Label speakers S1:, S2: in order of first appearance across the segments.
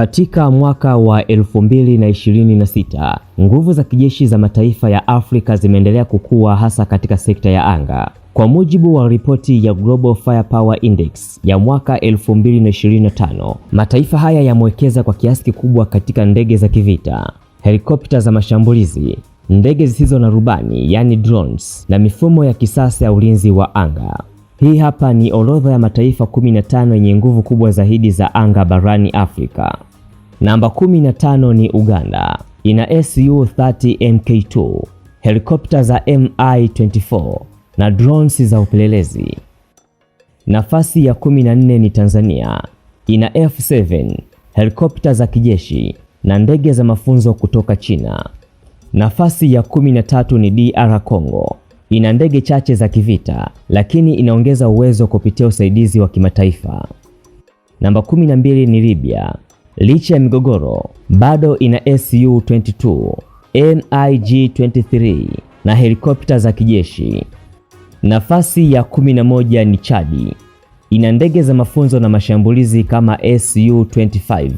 S1: Katika mwaka wa 2026 nguvu za kijeshi za mataifa ya Afrika zimeendelea kukua hasa katika sekta ya anga. Kwa mujibu wa ripoti ya Global Firepower Index ya mwaka 2025, mataifa haya yamewekeza kwa kiasi kikubwa katika ndege za kivita, helikopta za mashambulizi, ndege zisizo na rubani yani drones, na mifumo ya kisasa ya ulinzi wa anga. Hii hapa ni orodha ya mataifa 15 yenye nguvu kubwa zaidi za anga barani Afrika. Namba 15 ni Uganda, ina SU 30 MK2, helikopta za MI24 na drones za upelelezi. Nafasi ya 14 ni Tanzania, ina F7, helikopta za kijeshi na ndege za mafunzo kutoka China. Nafasi ya 13 ni DR Congo, ina ndege chache za kivita lakini inaongeza uwezo kupitia usaidizi wa kimataifa. Namba 12 ni Libya licha ya migogoro bado ina SU-22, NIG-23 na helikopta za kijeshi. Nafasi ya 11 ni Chadi, ina ndege za mafunzo na mashambulizi kama SU-25.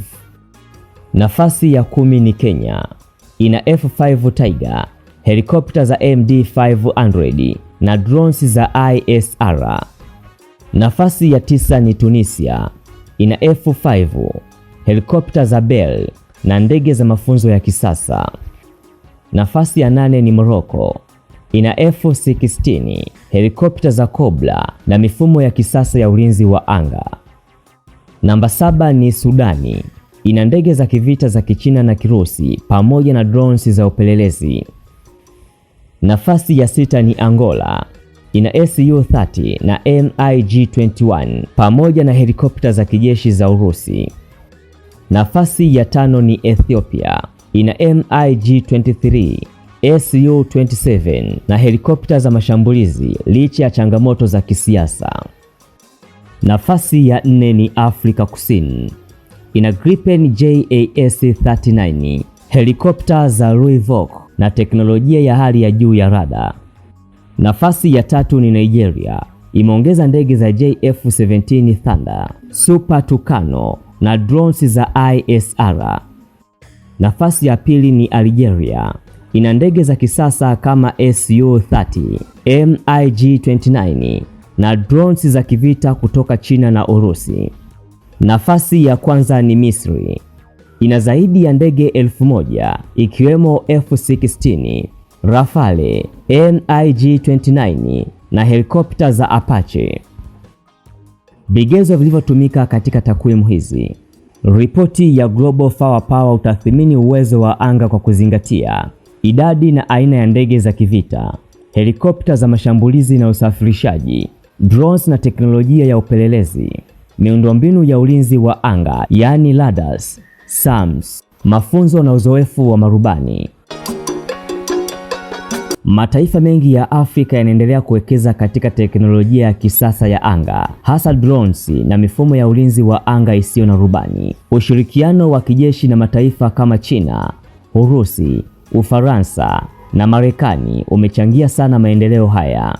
S1: Nafasi ya kumi ni Kenya, ina F5 Tiger, helikopta za MD500 na drones za ISR. Nafasi ya tisa ni Tunisia, ina F5 helikopta za Bell na ndege za mafunzo ya kisasa. Nafasi ya nane ni Morocco, ina F-16, helikopta za Cobra na mifumo ya kisasa ya ulinzi wa anga. Namba saba ni Sudani, ina ndege za kivita za Kichina na Kirusi pamoja na drones za upelelezi. Nafasi ya sita ni Angola, ina SU-30 na MiG-21 pamoja na helikopta za kijeshi za Urusi. Nafasi ya tano ni Ethiopia, ina MiG-23, Su-27 na helikopta za mashambulizi licha ya changamoto za kisiasa. Nafasi ya nne ni Afrika Kusini, ina Gripen JAS-39, helikopta za Royal na teknolojia ya hali ya juu ya rada. Nafasi ya tatu ni Nigeria, imeongeza ndege za JF-17 Thunder, Super Tucano na drones za ISR. Nafasi ya pili ni Algeria, ina ndege za kisasa kama Su-30, MiG-29 na drones za kivita kutoka China na Urusi. Nafasi ya kwanza ni Misri, ina zaidi ya ndege elfu moja ikiwemo F-16, Rafale, MiG-29 na helikopta za Apache. Vigezo vilivyotumika katika takwimu hizi. Ripoti ya Global Firepower utathimini uwezo wa anga kwa kuzingatia idadi na aina ya ndege za kivita, helikopta za mashambulizi na usafirishaji, drones na teknolojia ya upelelezi, miundombinu ya ulinzi wa anga yaani radars, SAMs, mafunzo na uzoefu wa marubani. Mataifa mengi ya Afrika yanaendelea kuwekeza katika teknolojia ya kisasa ya anga, hasa drones na mifumo ya ulinzi wa anga isiyo na rubani. Ushirikiano wa kijeshi na mataifa kama China, Urusi, Ufaransa na Marekani umechangia sana maendeleo haya.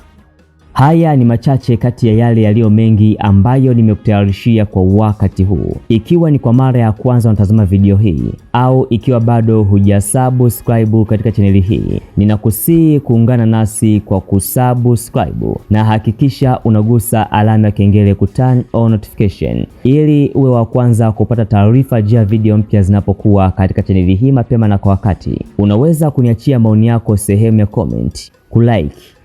S1: Haya ni machache kati ya yale yaliyo mengi ambayo nimekutayarishia kwa wakati huu. Ikiwa ni kwa mara ya kwanza unatazama video hii au ikiwa bado hujasubscribe katika chaneli hii, ninakusihi kuungana nasi kwa kusubscribe na hakikisha unagusa alama ya kengele ku turn on notification ili uwe wa kwanza kupata taarifa juu ya video mpya zinapokuwa katika chaneli hii mapema na kwa wakati. Unaweza kuniachia maoni yako sehemu ya comment, kulike